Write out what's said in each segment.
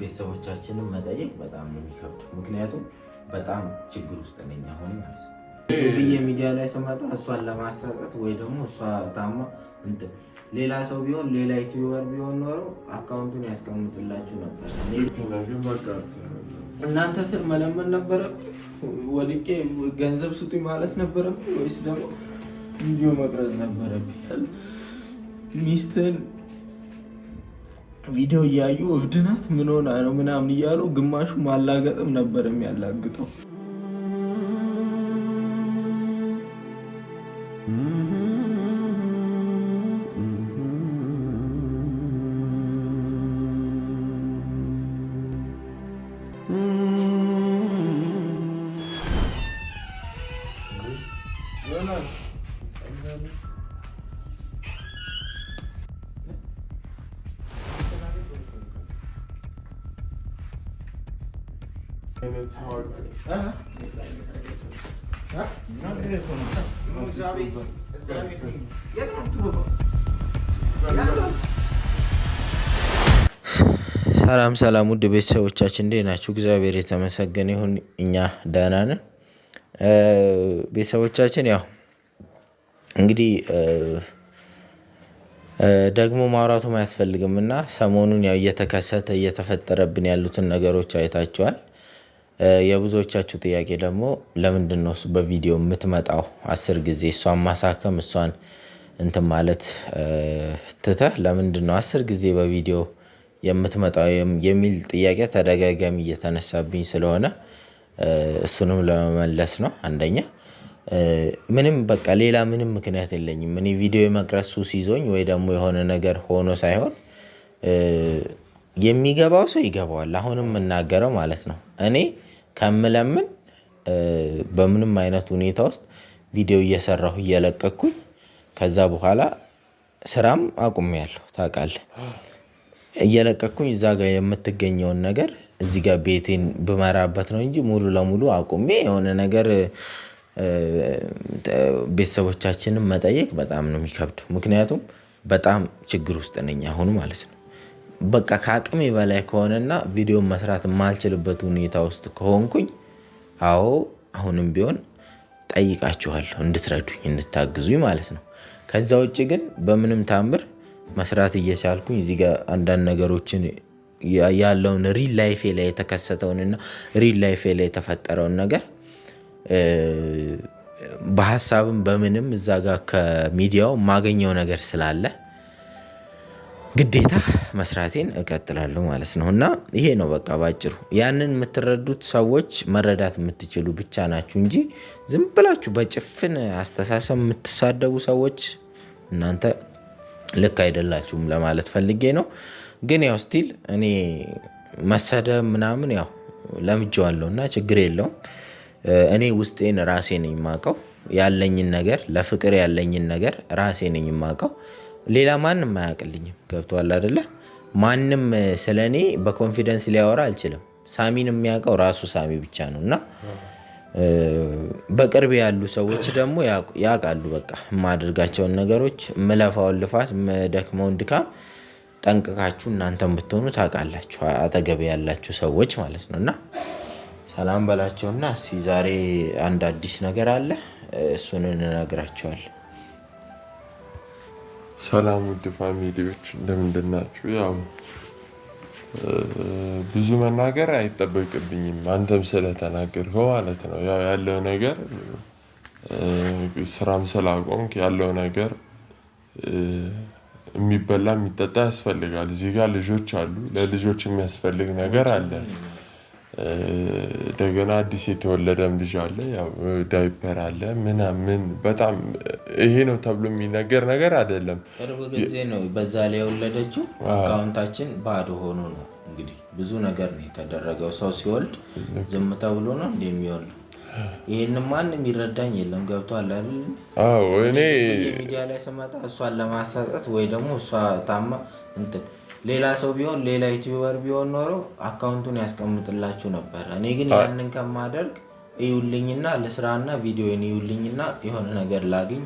ቤተሰቦቻችንን መጠየቅ በጣም ነው የሚከብድ። ምክንያቱም በጣም ችግር ውስጥ ነኝ አሁን ማለት ነው። ብዬ ሚዲያ ላይ ስመጣ እሷን ለማሳጠት ወይ ደግሞ እሷ ታማ እንትን ሌላ ሰው ቢሆን ሌላ ዩቲዩበር ቢሆን ኖሮ አካውንቱን ያስቀምጥላችሁ ነበር። እናንተ መለመን ነበረ ወድቄ ገንዘብ ስጡኝ ማለት ነበረብኝ? ወይስ ደግሞ እንዲሁ መቅረጽ ነበረብኝ? ሚስትን ቪዲዮ እያዩ እብድናት ምን ሆና ነው ምናምን እያሉ ግማሹ ማላገጥም ነበር የሚያላግጠው። ሰላም ሰላም፣ ውድ ቤተሰቦቻችን እንዴት ናችሁ? እግዚአብሔር የተመሰገነ ይሁን፣ እኛ ደህና ነን። ቤተሰቦቻችን ያው እንግዲህ ደግሞ ማውራቱም አያስፈልግም እና ሰሞኑን ያው እየተከሰተ እየተፈጠረብን ያሉትን ነገሮች አይታችኋል። የብዙዎቻችሁ ጥያቄ ደግሞ ለምንድን ነው በቪዲዮ የምትመጣው አስር ጊዜ እሷን ማሳከም እሷን እንትን ማለት ትተህ ለምንድን ነው አስር ጊዜ በቪዲዮ የምትመጣው የሚል ጥያቄ ተደጋጋሚ እየተነሳብኝ ስለሆነ እሱንም ለመመለስ ነው። አንደኛ ምንም በቃ ሌላ ምንም ምክንያት የለኝም። እኔ ቪዲዮ የመቅረት ሱስ ይዞኝ ወይ ደግሞ የሆነ ነገር ሆኖ ሳይሆን የሚገባው ሰው ይገባዋል። አሁንም የምናገረው ማለት ነው እኔ ከምለምን በምንም አይነት ሁኔታ ውስጥ ቪዲዮ እየሰራሁ እየለቀኩኝ ከዛ በኋላ ስራም አቁሜያለሁ ታውቃለህ። እየለቀኩኝ እዛ ጋር የምትገኘውን ነገር እዚህ ጋር ቤቴን ብመራበት ነው እንጂ ሙሉ ለሙሉ አቁሜ የሆነ ነገር ቤተሰቦቻችንን መጠየቅ በጣም ነው የሚከብደው። ምክንያቱም በጣም ችግር ውስጥ ነኝ አሁን ማለት ነው በቃ ከአቅሜ በላይ ከሆነና ቪዲዮ መስራት የማልችልበት ሁኔታ ውስጥ ከሆንኩኝ፣ አዎ አሁንም ቢሆን ጠይቃችኋለሁ እንድትረዱኝ እንድታግዙኝ ማለት ነው። ከዛ ውጭ ግን በምንም ታምር መስራት እየቻልኩኝ እዚህ ጋር አንዳንድ ነገሮችን ያለውን ሪል ላይፌ ላይ የተከሰተውንና ሪል ላይፌ ላይ የተፈጠረውን ነገር በሀሳብም በምንም እዛ ጋር ከሚዲያው የማገኘው ነገር ስላለ ግዴታ መስራቴን እቀጥላለሁ ማለት ነው። እና ይሄ ነው በቃ በአጭሩ ያንን የምትረዱት ሰዎች መረዳት የምትችሉ ብቻ ናችሁ እንጂ ዝም ብላችሁ በጭፍን አስተሳሰብ የምትሳደቡ ሰዎች እናንተ ልክ አይደላችሁም ለማለት ፈልጌ ነው። ግን ያው ስቲል እኔ መሰደብ ምናምን ያው ለምጄዋለሁ እና ችግር የለውም። እኔ ውስጤን ራሴ ነኝ የማውቀው ያለኝን ነገር ለፍቅር ያለኝን ነገር ራሴ ነኝ የማውቀው ሌላ ማንም አያውቅልኝም። ገብቶሃል አይደለ? ማንም ስለ እኔ በኮንፊደንስ ሊያወራ አልችልም። ሳሚን የሚያውቀው ራሱ ሳሚ ብቻ ነው እና በቅርብ ያሉ ሰዎች ደግሞ ያውቃሉ። በቃ የማደርጋቸውን ነገሮች፣ ምለፋውን ልፋት፣ ምደክመውን ድካም ጠንቅቃችሁ እናንተም ብትሆኑ ታውቃላችሁ፣ አጠገብ ያላችሁ ሰዎች ማለት ነው እና ሰላም በላቸውና እስኪ ዛሬ አንድ አዲስ ነገር አለ፣ እሱን እንነግራቸዋል። ሰላም ውድ ፋሚሊዎች እንደምንድን ናችሁ? ያው ብዙ መናገር አይጠበቅብኝም። አንተም ስለተናገርከው ማለት ነው። ያው ያለው ነገር ስራም ስላቆምክ ያለው ነገር የሚበላ የሚጠጣ ያስፈልጋል። እዚህ ጋር ልጆች አሉ። ለልጆች የሚያስፈልግ ነገር አለ። እንደገና አዲስ የተወለደም ልጅ አለ፣ ዳይፐር አለ ምናምን። በጣም ይሄ ነው ተብሎ የሚነገር ነገር አይደለም። ቅርብ ጊዜ ነው በዛ ላይ የወለደችው። አካውንታችን ባዶ ሆኖ ነው እንግዲህ ብዙ ነገር ነው የተደረገው። ሰው ሲወልድ ዝም ተብሎ ነው እንደሚወልዱ ይህን ማንም ይረዳኝ የለም። ገብቷል አይደል? እኔ ሚዲያ ላይ ስመጣ እሷን ለማሳጠት ወይ ደግሞ እሷ ታማ እንትን ሌላ ሰው ቢሆን ሌላ ዩቲዩበር ቢሆን ኖሮ አካውንቱን ያስቀምጥላችሁ ነበር። እኔ ግን ያንን ከማደርግ እዩልኝና ለስራና ቪዲዮን እዩልኝና የሆነ ነገር ላግኝ።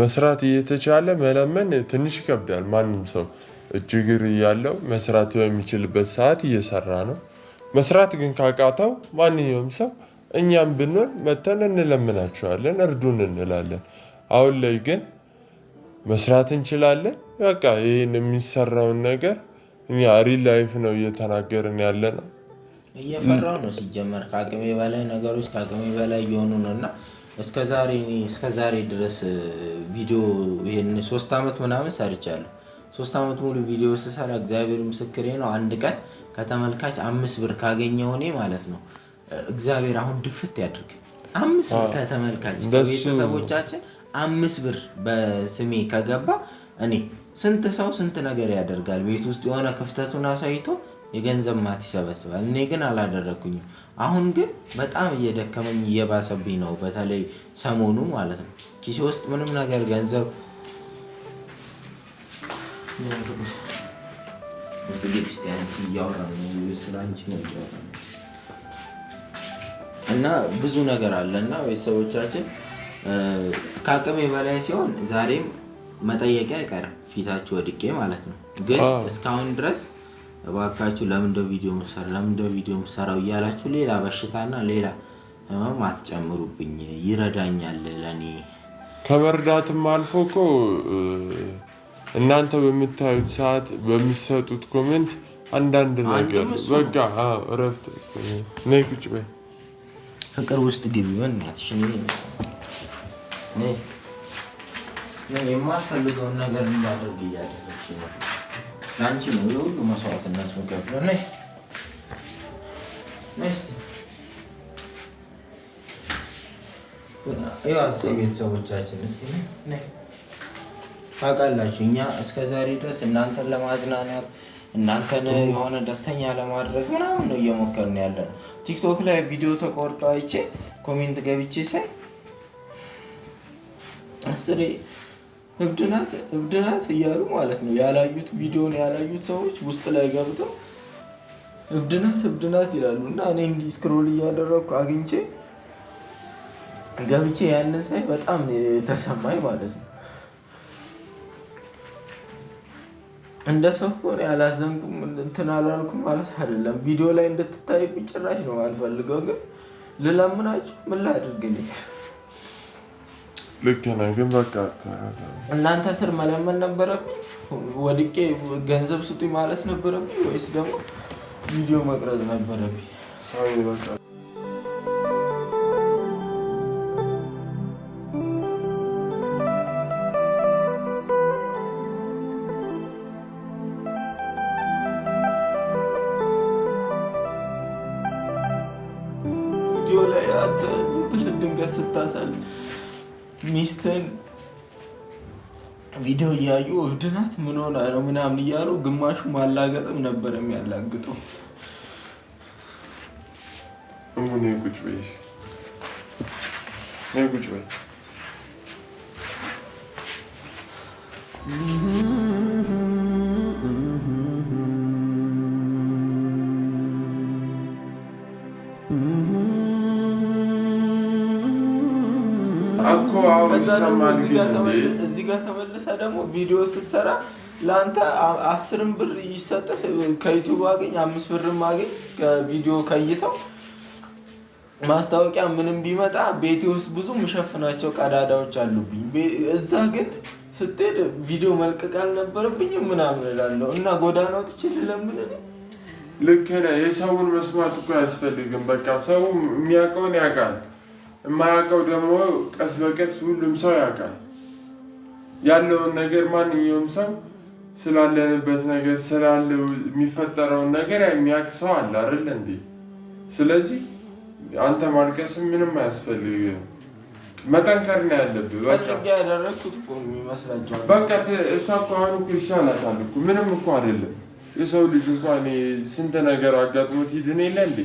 መስራት እየተቻለ መለመን ትንሽ ይከብዳል። ማንም ሰው እጅግር ያለው መስራት በሚችልበት ሰዓት እየሰራ ነው። መስራት ግን ካቃተው ማንኛውም ሰው እኛም ብንሆን መተን እንለምናቸዋለን፣ እርዱን እንላለን። አሁን ላይ ግን መስራት እንችላለን። በቃ ይህን የሚሰራውን ነገር እኛ ሪል ላይፍ ነው እየተናገርን ያለ ነው። እየፈራው ነው ሲጀመር ከአቅሜ በላይ ነገሮች ከአቅሜ በላይ እየሆኑ ነው እና እስከዛሬ ድረስ ቪዲዮ ይህን ሶስት ዓመት ምናምን ሰርቻለሁ። ሶስት ዓመት ሙሉ ቪዲዮ ስሰራ እግዚአብሔር ምስክሬ ነው። አንድ ቀን ከተመልካች አምስት ብር ካገኘሁ እኔ ማለት ነው እግዚአብሔር አሁን ድፍት ያድርግ። አምስት ብር ከተመልካች ከቤተሰቦቻችን አምስት ብር በስሜ ከገባ እኔ ስንት ሰው ስንት ነገር ያደርጋል። ቤት ውስጥ የሆነ ክፍተቱን አሳይቶ የገንዘብ ማት ይሰበስባል። እኔ ግን አላደረግኩኝም። አሁን ግን በጣም እየደከመኝ እየባሰብኝ ነው። በተለይ ሰሞኑ ማለት ነው ኪሴ ውስጥ ምንም ነገር ገንዘብ እና ብዙ ነገር አለ እና ቤተሰቦቻችን ከአቅሜ በላይ ሲሆን ዛሬም መጠየቂያ አይቀርም ፊታችሁ ወድቄ ማለት ነው። ግን እስካሁን ድረስ እባካችሁ ለምን ቪዲዮ ምሰራ ለምን ቪዲዮ ምሰራው እያላችሁ ሌላ በሽታና ሌላ ህመም አትጨምሩብኝ። ይረዳኛል ለእኔ ከመርዳትም አልፎ እኮ እናንተ በምታዩት ሰዓት በሚሰጡት ኮሜንት አንዳንድ ነገር በቃ እረፍት ፍቅር ውስጥ ግቢ በእናትሽ የማልፈልገውን ነገር እንዳደርግ እያደረግሽ ነው። ለአንቺ ነው የሁሉ መስዋዕትነት ምከፍለው። ነይ ይዋስ ቤተሰቦቻችን ስ ታውቃላችሁ፣ እኛ እስከ ዛሬ ድረስ እናንተን ለማዝናናት እናንተን የሆነ ደስተኛ ለማድረግ ምናምን ነው እየሞከርን ያለ ነው። ቲክቶክ ላይ ቪዲዮ ተቆርጦ አይቼ ኮሜንት ገብቼ ሳይ አስሬ እብድናት እብድናት እያሉ ማለት ነው። ያላዩት ቪዲዮን ያላዩት ሰዎች ውስጥ ላይ ገብተው እብድናት እብድናት ይላሉ። እና እኔ እንዲህ ስክሮል እያደረግኩ አግኝቼ ገብቼ ያንን ሳይ በጣም የተሰማኝ ማለት ነው። እንደ ሰው ከሆነ ያላዘንኩም እንትን አላልኩም ማለት አይደለም። ቪዲዮ ላይ እንድትታይ ጭራሽ ነው አልፈልገው። ግን ልለምናችሁ ምን ላድርግ? ልክ ነህ፣ ግን በቃ እናንተ ስር መለመን ነበረብኝ? ወድቄ ገንዘብ ስጡኝ ማለት ነበረብኝ ወይስ ደግሞ ቪዲዮ መቅረጽ ነበረብኝ? እያዩ እብድ ናት ምን ሆና ነው ምናምን እያሉ ግማሹ ማላገጥም ነበር የሚያላግጠው። ቁጭ በይ ቁጭ በይ እኮ አሁን ጋር ተመልሰ ደግሞ ቪዲዮ ስትሰራ ለአንተ አስርም ብር ይሰጥህ ከዩቱብ አገኝ አምስት ብርም አገኝ ከቪዲዮ ከይተው ማስታወቂያ ምንም ቢመጣ ቤቴ ውስጥ ብዙ የምሸፍናቸው ቀዳዳዎች አሉብኝ። እዛ ግን ስትሄድ ቪዲዮ መልቀቅ አልነበረብኝም ምናምን እላለሁ እና ጎዳና ትችል ለምን ልክ ነህ። የሰውን መስማት እኮ አያስፈልግም። በቃ ሰው የሚያውቀውን ያውቃል፣ የማያውቀው ደግሞ ቀስ በቀስ ሁሉም ሰው ያውቃል። ያለውን ነገር ማንኛውም ሰው ስላለንበት ነገር ስላለው የሚፈጠረውን ነገር የሚያውቅ ሰው አለ አይደል እንዴ? ስለዚህ አንተ ማልቀስ ምንም አያስፈልግም። መጠንከር ነው ያለብህ። በቃ እሷ እኮ አሁን እኮ ይሻላታል እኮ ምንም እኮ አይደለም። የሰው ልጅ እንኳ ስንት ነገር አጋጥሞት ሂድን የለ እንዴ?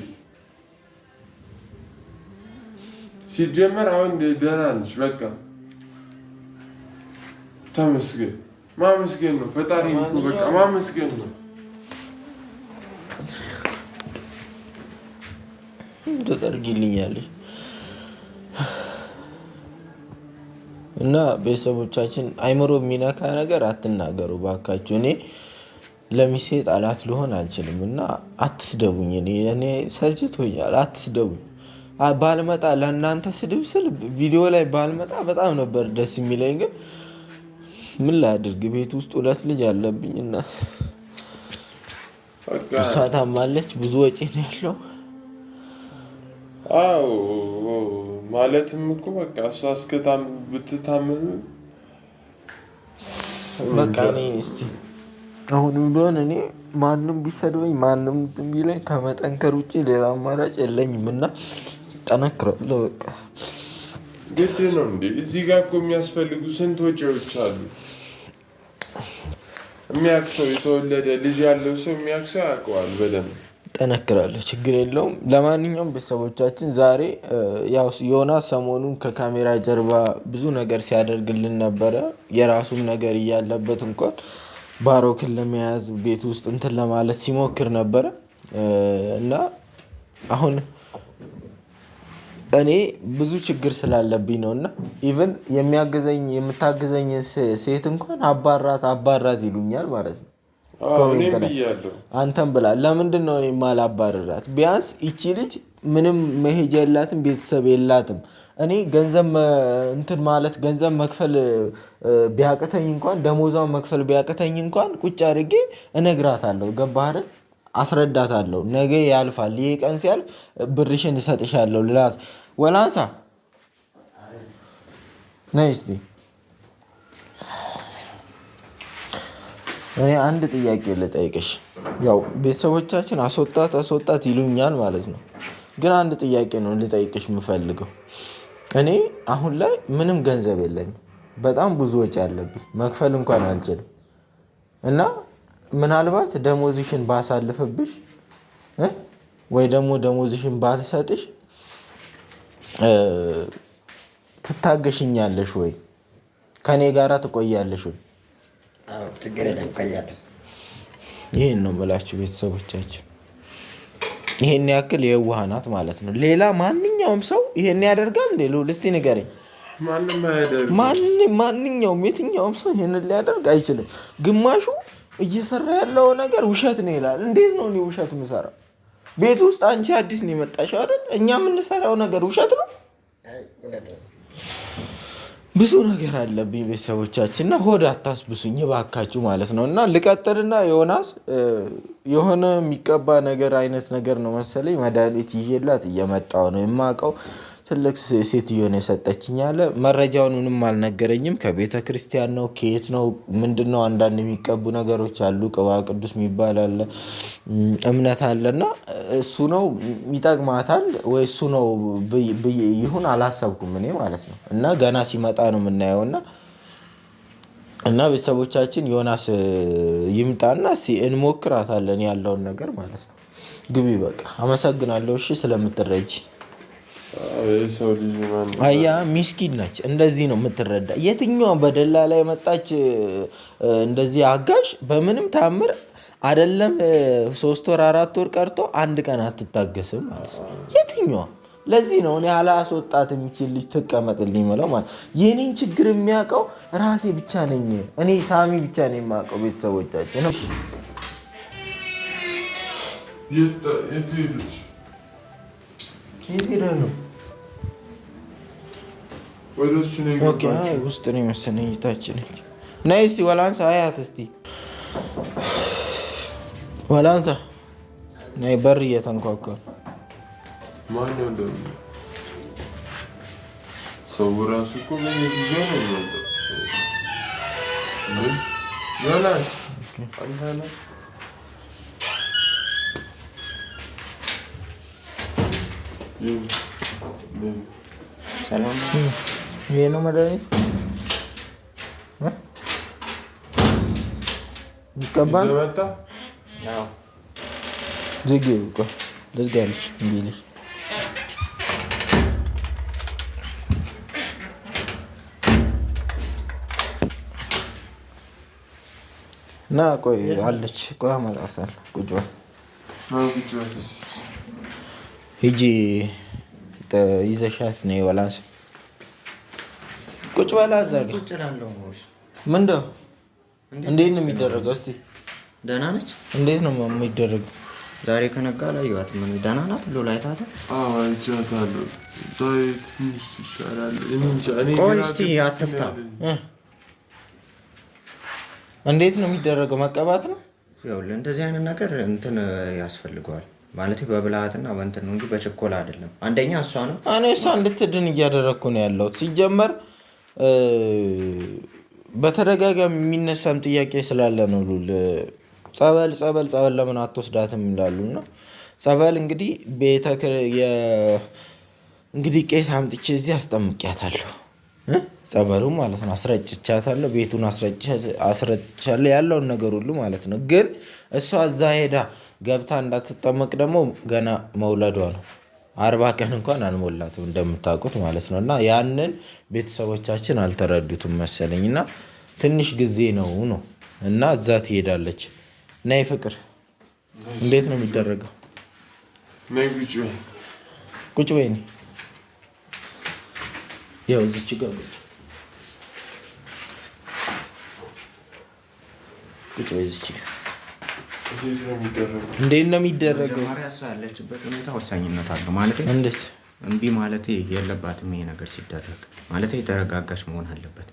ሲጀመር አሁን ደህና ነች በቃ ተመስገን ማመስገን ነው። ፈጣሪ በቃ ማመስገን ነው። ትጠርጊልኛለሽ እና ቤተሰቦቻችን አይምሮ የሚነካ ነገር አትናገሩ ባካችሁ። እኔ ለሚሴ ጠላት ልሆን አልችልም እና አትስደቡኝ። እኔ ሰልችቶኛል፣ አትስደቡኝ። ባልመጣ ለእናንተ ስድብ ስል ቪዲዮ ላይ ባልመጣ በጣም ነበር ደስ የሚለኝ ግን ምን ላድርግ? ቤት ውስጥ ሁለት ልጅ አለብኝና እና እሷ ታማለች። ብዙ ወጪ ነው ያለው። አዎ ማለትም እኮ በቃ እሷ እስከታም ብትታምም በቃ እኔ እስኪ አሁንም ቢሆን እኔ ማንም ቢሰድበኝ ማንም እንትን ቢለኝ ከመጠንከር ውጭ ሌላ አማራጭ የለኝም እና ጠነክረለ በቃ ግድ ነው እንዴ? እዚህ ጋር እኮ የሚያስፈልጉ ስንት ወጪዎች አሉ። የሚያውቅ ሰው የተወለደ ልጅ ያለው ሰው የሚያውቅ ሰው ያውቀዋል በደንብ ጠነክራለሁ። ችግር የለውም። ለማንኛውም ቤተሰቦቻችን ዛሬ ያው ዮናስ ሰሞኑን ከካሜራ ጀርባ ብዙ ነገር ሲያደርግልን ነበረ። የራሱም ነገር እያለበት እንኳን ባሮክን ለመያዝ ቤት ውስጥ እንትን ለማለት ሲሞክር ነበረ እና አሁን እኔ ብዙ ችግር ስላለብኝ ነው እና ኢቨን የሚያግዘኝ የምታግዘኝ ሴት እንኳን አባራት አባራት ይሉኛል ማለት ነው። አንተም ብላ ለምንድን ነው እኔ ማላባረራት? ቢያንስ ይቺ ልጅ ምንም መሄጃ የላትም፣ ቤተሰብ የላትም። እኔ ገንዘብ እንትን ማለት ገንዘብ መክፈል ቢያቅተኝ እንኳን ደሞዛን መክፈል ቢያቅተኝ እንኳን ቁጭ አድርጌ እነግራታለሁ። ገባህ አይደል? አስረዳታለሁ። ነገ ያልፋል፣ ይሄ ቀን ሲያልፍ ብርሽን እሰጥሻለሁ ልላት ወላንሳ ነይ እስቲ እኔ አንድ ጥያቄ ልጠይቅሽ። ያው ቤተሰቦቻችን አስወጣት አስወጣት ይሉኛል ማለት ነው፣ ግን አንድ ጥያቄ ነው ልጠይቅሽ የምፈልገው። እኔ አሁን ላይ ምንም ገንዘብ የለኝም። በጣም ብዙ ወጪ አለብኝ፣ መክፈል እንኳን አልችልም። እና ምናልባት ደሞዝሽን ባሳልፍብሽ ወይ ደግሞ ደሞዝሽን ባልሰጥሽ ትታገሽኛለሽ ወይ? ከኔ ጋራ ትቆያለሽ ወይ? ይህን ነው የምላችሁ ቤተሰቦቻችን። ይሄን ያክል የዋህ ናት ማለት ነው። ሌላ ማንኛውም ሰው ይሄን ያደርጋል እንዴ? ልዑል እስቲ ንገረኝ። ማንኛውም የትኛውም ሰው ይህን ሊያደርግ አይችልም። ግማሹ እየሰራ ያለው ነገር ውሸት ነው ይላል። እንዴት ነው እኔ ውሸት የምሰራው? ቤት ውስጥ አንቺ አዲስ ነው የመጣሽው አይደል? እኛ የምንሰራው ነገር ውሸት ነው። ብዙ ነገር አለብኝ ቤተሰቦቻችን፣ እና ሆድ አታስብሱኝ እባካችሁ ማለት ነው። እና ልቀጥልና ዮናስ የሆነ የሚቀባ ነገር አይነት ነገር ነው መሰለኝ መድኃኒት ይዤላት እየመጣሁ ነው የማውቀው ትልቅ ሴትዮን የሰጠችኝ አለ። መረጃውን ምንም አልነገረኝም። ከቤተ ክርስቲያን ነው ከየት ነው ምንድን ነው? አንዳንድ የሚቀቡ ነገሮች አሉ። ቅባ ቅዱስ የሚባል አለ፣ እምነት አለና እሱ ነው ይጠቅማታል ወይ እሱ ነው ይሁን አላሰብኩም እኔ ማለት ነው። እና ገና ሲመጣ ነው የምናየው። እና እና ቤተሰቦቻችን ዮናስ ይምጣና እንሞክራታለን ያለውን ነገር ማለት ነው። ግቢ በቃ። አመሰግናለሁ እሺ ስለምትረጅ አያ ሚስኪን ነች። እንደዚህ ነው የምትረዳ። የትኛዋ በደላ ላይ መጣች እንደዚህ አጋዥ በምንም ታምር አደለም። ሶስት ወር አራት ወር ቀርቶ አንድ ቀን አትታገስም ማለት ነው የትኛዋ። ለዚህ ነው እኔ አላስወጣት የሚችል ልጅ ትቀመጥልኝ ምለው ማለት የኔን ችግር የሚያውቀው ራሴ ብቻ ነኝ። እኔ ሳሚ ብቻ ነው የማውቀው። ቤተሰቦቻችን ነው ውስጥ ነው የመሰለኝ። እይታችን ነይ እስኪ ወላንሳ አያት እስኪ ወላንሳ ነይ። በር እየተንኳኳ ሰው ራሱ እኮ ጊዜ ነው ሰላም ይሄ ነው መድኃኒት ይቀባል። ዝግ ልዝጋለች እንቢልሽ እና ቆይ አለች ቆይ አመጣታለሁ ቁጭ በል ሂጂ ይዘሻት ነይ። ወላንስ ቁጭ በላ እዛ ጋር እንዴት ነው የሚደረገው? እስኪ ደህና ነች? እንዴት ነው የሚደረገው? ዛሬ ከነጋ ላይ ይዋት ምን ደህና ናት? ሎ ላይ ታታ አይቻታለሁ። ዛሬ ትንሽ ይሻላል። እኔ እንጃ። ቆይ እስኪ አትፍታ። እንዴት ነው የሚደረገው? መቀባት ነው? ይኸውልህ እንደዚህ አይነት ነገር እንትን ያስፈልገዋል ማለት በብልሃትና በእንትን ነው እንጂ በችኮላ አይደለም። አንደኛ እሷ ነው እኔ እሷ እንድትድን እያደረግኩ ነው ያለሁት። ሲጀመር በተደጋጋሚ የሚነሳም ጥያቄ ስላለ ነው ሉል ጸበል ጸበል ጸበል ለምን አትወስዳትም ይላሉ። እና ጸበል እንግዲህ ቤተ እንግዲህ ቄስ አምጥቼ እዚህ አስጠምቂያታለሁ። ጸበሉን ማለት ነው አስረጭቻታለሁ፣ ቤቱን አስረጭቻለሁ፣ ያለውን ነገር ሁሉ ማለት ነው። ግን እሷ እዛ ሄዳ ገብታ እንዳትጠመቅ ደግሞ ገና መውለዷ ነው። አርባ ቀን እንኳን አልሞላትም እንደምታውቁት ማለት ነው። እና ያንን ቤተሰቦቻችን አልተረዱትም መሰለኝ። እና ትንሽ ጊዜ ነው ነው እና እዛ ትሄዳለች። ናይ ፍቅር እንዴት ነው የሚደረገው? ቁጭ በይ ያው እዚች ጋር ቁጭ በይ። እዚች እንዴት ነው የሚደረገው? እሷ ያለችበት ሁኔታ ወሳኝነት አለው ማለት ነው። እንዴት እምቢ ማለት የለባትም። ይሄ ነገር ሲደረግ ማለት የተረጋጋች መሆን አለበት።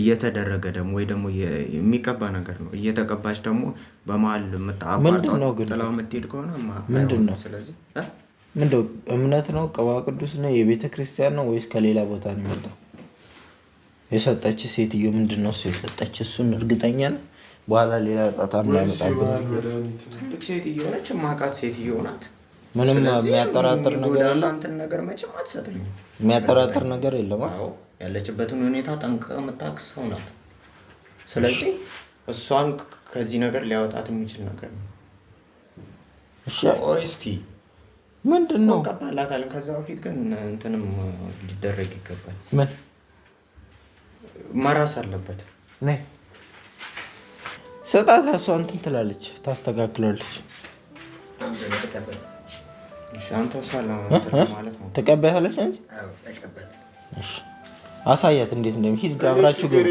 እየተደረገ ደግሞ ወይ ደግሞ የሚቀባ ነገር ነው። እየተቀባች ደግሞ በመሀል ምታቋርጠው ጥላው የምትሄድ ከሆነ ምንድን ነው ስለዚህ ምንድነው? እምነት ነው? ቅባ ቅዱስ ነው? የቤተ ክርስቲያን ነው? ወይስ ከሌላ ቦታ ነው የመጣው? የሰጠች ሴትዮ ምንድን ነው የሰጠች? እሱን እርግጠኛ ነህ? በኋላ ሌላ ጣጣ ትልቅ ሴትዮ ነች። የማውቃት ሴትዮ ናት። ምንም የሚያጠራጥር ነገር የለም። አንተን ነገር መቼም አትሰጠኝ። የሚያጠራጥር ነገር የለም። ያለችበትን ሁኔታ ጠንቅቀህ የምታውቅ ሰው ናት። ስለዚህ እሷን ከዚህ ነገር ሊያወጣት የሚችል ነገር ነው። ቆይ እስኪ ምንድን ነው ቀባላታለን። ከዛ በፊት ግን እንትንም ሊደረግ ይገባል። ምን መራስ አለበት። ስጣት። እሷ እንትን ትላለች፣ ታስተካክላለች። አንተ እሷ እንጂ አሳያት እንዴት እንደሚሄድ አብራችሁ ግን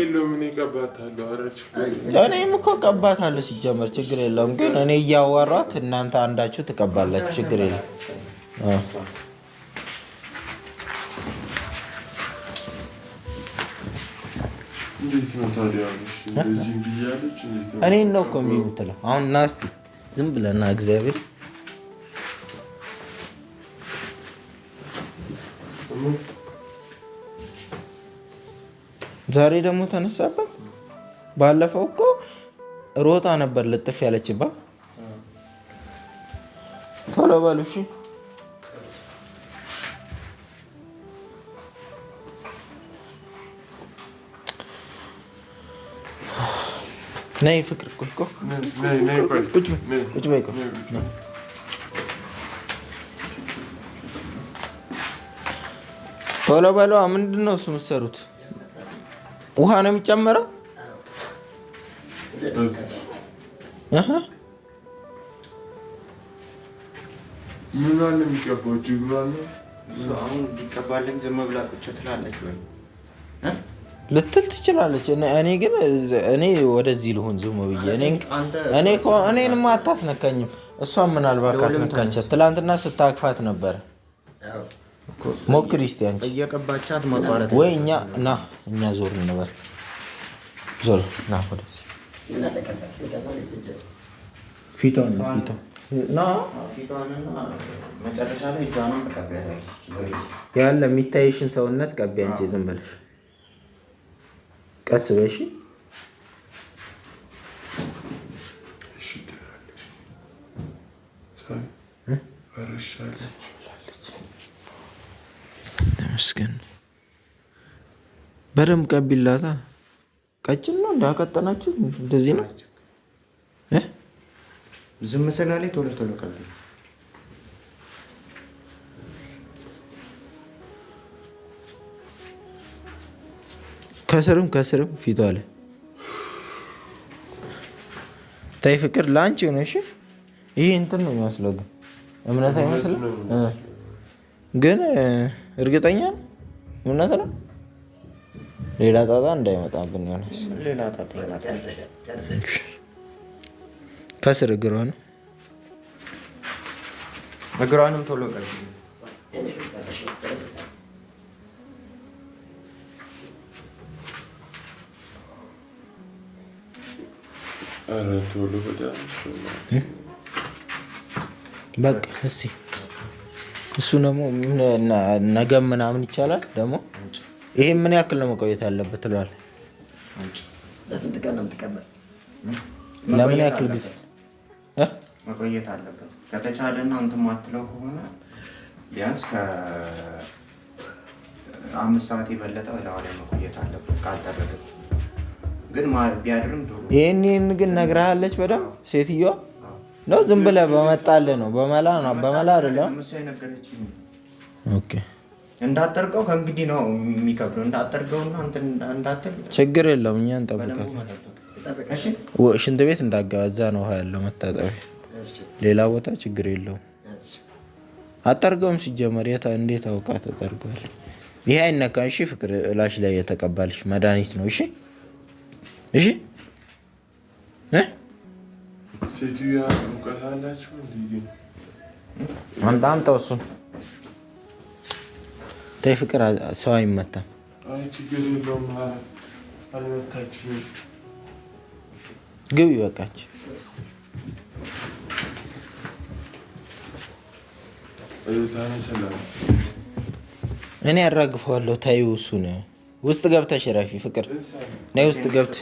እኔም እኮ ቀባታለሁ ሲጀመር ችግር የለውም ግን እኔ እያዋሯት እናንተ አንዳችሁ ትቀባላችሁ ችግር የለም። እኔ ነው እኮ እምቢ አሁን ናስቲ ዝም ብለና እግዚአብሔር ዛሬ ደግሞ ተነሳበት። ባለፈው እኮ ሮጣ ነበር ልጥፍ ያለችባ። ቶሎ በሉ እሺ። ነይ ፍቅር ቁጭ በይ። ቶሎ በለዋ። ምንድን ነው እሱ የምትሰሩት? ውሃ ነው የሚጨመረው። ልትል ትችላለች። እኔ ግን እኔ ወደዚህ ልሆን ዝም ብዬ እኔንማ አታስነካኝም። እሷም ምናልባት ካስነካቻት ትላንትና ስታክፋት ነበረ። ሞክሪ እስኪ አንቺ እየቀባቻት ማቋረጥ ወይ እኛ ና እኛ ዞር እንበል ዞር ና ወደ ፊቷን ፊቷን ና መጨረሻ ላይ እጇን ያለ የሚታይሽን ሰውነት ቀቢ። አንቺ ዝም ብለሽ ቀስ በሽ እሺ ምስኪን በደንብ ቀቢላታ። ቀጭን ነው እንዳቀጠናችሁ እንደዚህ ነው። ዝም ስላለኝ ቶሎ ቶሎ ቀቢ። ከስርም ከስርም ፊቷ አለ። ታይ ፍቅር ለአንቺ ሆነ። እሺ ይሄ እንትን ነው የሚመስለው፣ ግን እምነት አይመስልም ግን እርግጠኛ እምነት ነው። ሌላ ጣጣ እንዳይመጣብን ዮናስ ከስር እግሯን እግሯንም ቶሎ በቃ እስኪ እሱ ደግሞ ነገ ምናምን ይቻላል። ደግሞ ይሄ ምን ያክል ነው መቆየት ያለበት ትለዋለህ? ለምን ያክል ጊዜ መቆየት አለበት? ከተቻለና እንትን ማትለው ከሆነ ቢያንስ ከአምስት ሰዓት የበለጠ ወደኋላ መቆየት አለበት ካልጠረገች ግን ቢያድርም ጥሩ። ይህን ይህን ግን ነግረሃለች በደምብ ሴትዮዋ ነው ዝም ብለህ በመጣልህ ነው። በመላ ነው በመላ አይደለም። ኦኬ እንዳጠርቀው ከእንግዲህ ነው የሚከብደው። እንዳጠርገውና ችግር የለውም እኛ እንጠብቃለን። ሽንት ቤት እንዳትገባ እዛ ነው ውሃ ያለው መታጠቢያ። ሌላ ቦታ ችግር የለውም። አጠርገውም ሲጀመር እንዴት አውቃ ተጠርገዋል። ይሄ አይነካ። እሺ ፍቅር እላሽ ላይ የተቀባልሽ መድኃኒት ነው። እሺ እሺ ሴትዮዋ እውቀት አላችሁ? አምጣ አምጣው። እሱን ተይ፣ ፍቅር ሰው አይመታም። አይ ችግር የለውም። አልመታችም። ግብ ይበቃች። እኔ ያራግፈዋለሁ። ታዩ እሱን ውስጥ ገብተሽ ረፊ ፍቅር ነይ ውስጥ ገብተሽ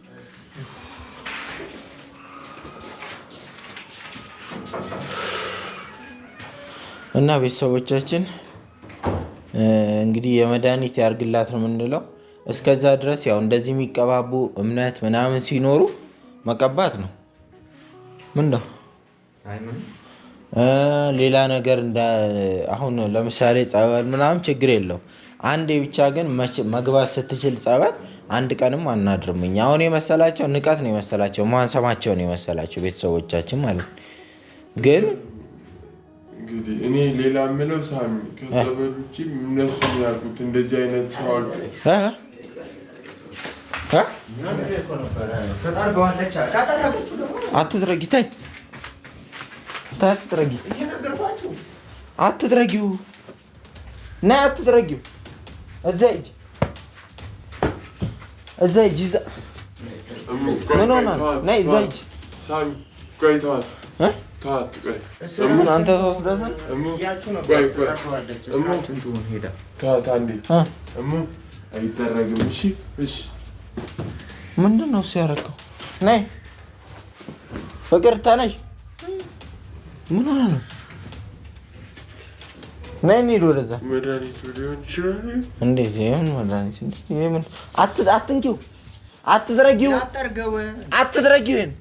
እና ቤተሰቦቻችን እንግዲህ የመድኃኒት ያርግላት ነው የምንለው። እስከዛ ድረስ ያው እንደዚህ የሚቀባቡ እምነት ምናምን ሲኖሩ መቀባት ነው። ምን ነው ሌላ ነገር አሁን ለምሳሌ ጸበል ምናምን ችግር የለው አንዴ ብቻ ግን መግባት ስትችል ጸበል አንድ ቀንም አናድርምኝ። አሁን የመሰላቸው ንቀት ነው የመሰላቸው ማንሰማቸው ነው የመሰላቸው ቤተሰቦቻችን ማለት ግን እንግዲህ እኔ ሌላ የምለው ሳሚ ከዛ በልቼ እነሱ ያልኩት እንደዚህ አይነት ሰዎች አትጥረጊ ታይ አትጥረጊ እዛ እዛ እዛ ምን ሆና ነይ እዛ ሳሚ ቆይተዋል አንተ አይደረግም። እሺ፣ ምንድን ነው ነይ ፍቅር ታነሽ ምን ሆነ ነው? ነይ እንሂድ ወደዛ። እንዴት መድኃኒት አትንኪው፣ አትድረጊው፣ አትድረጊው። ይሄን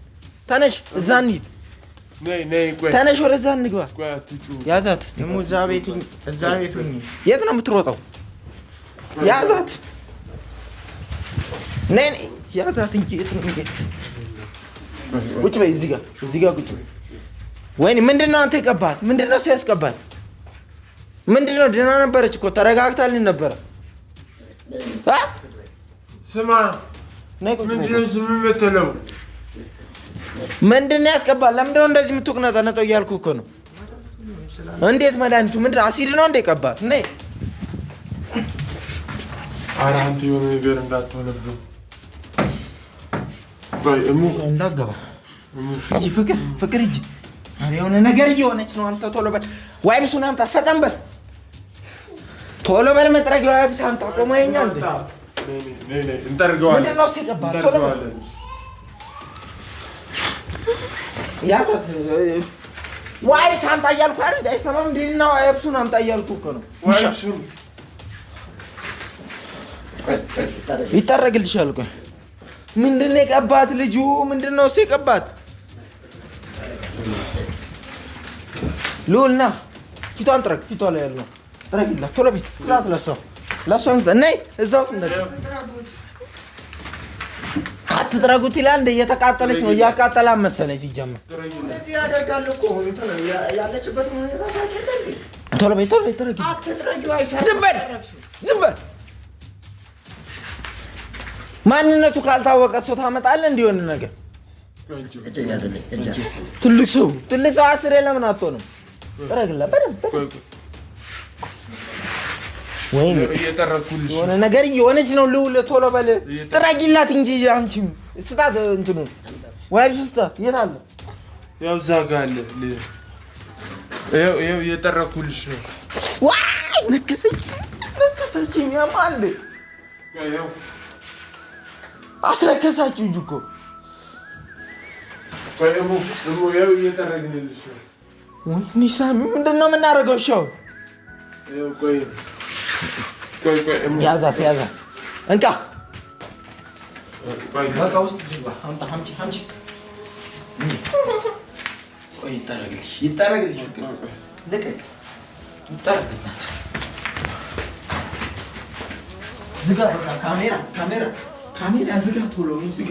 እዛ እንሂድ ተነሽ፣ ወደዛ እንግባ። ያዛት እዛ ቤቱ የት ነው የምትሮጠው? ያዛት ያዛት እንጂ ቁጭ በይ። እዚህ ጋር እዚህ ጋር ቁጭ በይ። ወይኔ ምንድን ነው አንተ የቀባሃት? ምንድን ነው ሰው ያስቀባሃል? ምንድን ነው? ደህና ነበረች እኮ ተረጋግታልን ነበረ። ስማ ምንድን ነው ስም የምትለው? ምንድን ነው ያስቀባል? ለምንድነው እንደዚህ የምትቁነጠነጠው? እያልኩ እኮ ነው። እንዴት መድኃኒቱ ምንድን አሲድ ነው እንደ ቀባል? ኧረ አንተ የሆነ ነገር እንዳትሆንብህ እንዳትገባ ፍቅር ፍቅር ሂጂ። የሆነ ነገር እየሆነች ነው። አንተ ቶሎ በል ዋይብሱን አምጣ፣ ፈጠን በል ቶሎ በል መጥረጊያ ዋይብስ አምጣ። ቆሞ የኛ እንደ ምንድን ነው ሲቀባ ቶሎ በል ያታት ዋይ ሳምጣ እያልኩ አይደል? አይሰማም። እንዴና እሱን አምጣ እያልኩ እኮ ነው። ይጠረግልሻል። ቆይ ምንድን ነው የቀባት ልጁ? ምንድን ነው እሱ የቀባት? ልዑል ና ፊቷን ጥረግ። ፊቷ ላይ ያለው ጥረግላት። ቶሎ ቤት ስላት ለሷ ለሷ እና እዛው አትጥረጉት ይላል። እንደ እየተቃጠለች ነው እያቃጠላ መሰለኝ። ሲጀመር ቶሎ በይ ቶሎ በይ ተረጊ። ዝም በል ዝም በል። ማንነቱ ካልታወቀ ሰው ታመጣለህ እንዲሆን ነገር ትልቅ ሰው ትልቅ ሰው አስሬ ለምን አትሆንም? ጥረግላ በደንብ የሆነ ነገር እየሆነች ነው። ልውል ቶሎ በል ጥራጊላት እንጂ አንቺም ስጣት እንትኑ ዋይብስ ስጣት። የት አለ? ያው እዛ ጋ አለ። ይኸው እየጠረኩልሽ ነው። ዋይ ነከሰች፣ ነከሰችኝ። ያማል አስረከሳችሁ እጅ እኮ ምንድን ነው የምናደርገው? እሺ ያዛት ያዛት እንቃ በቃ ውስጥ ካሜራ ካሜራ ዝጋ። ቶሎ ዝጋ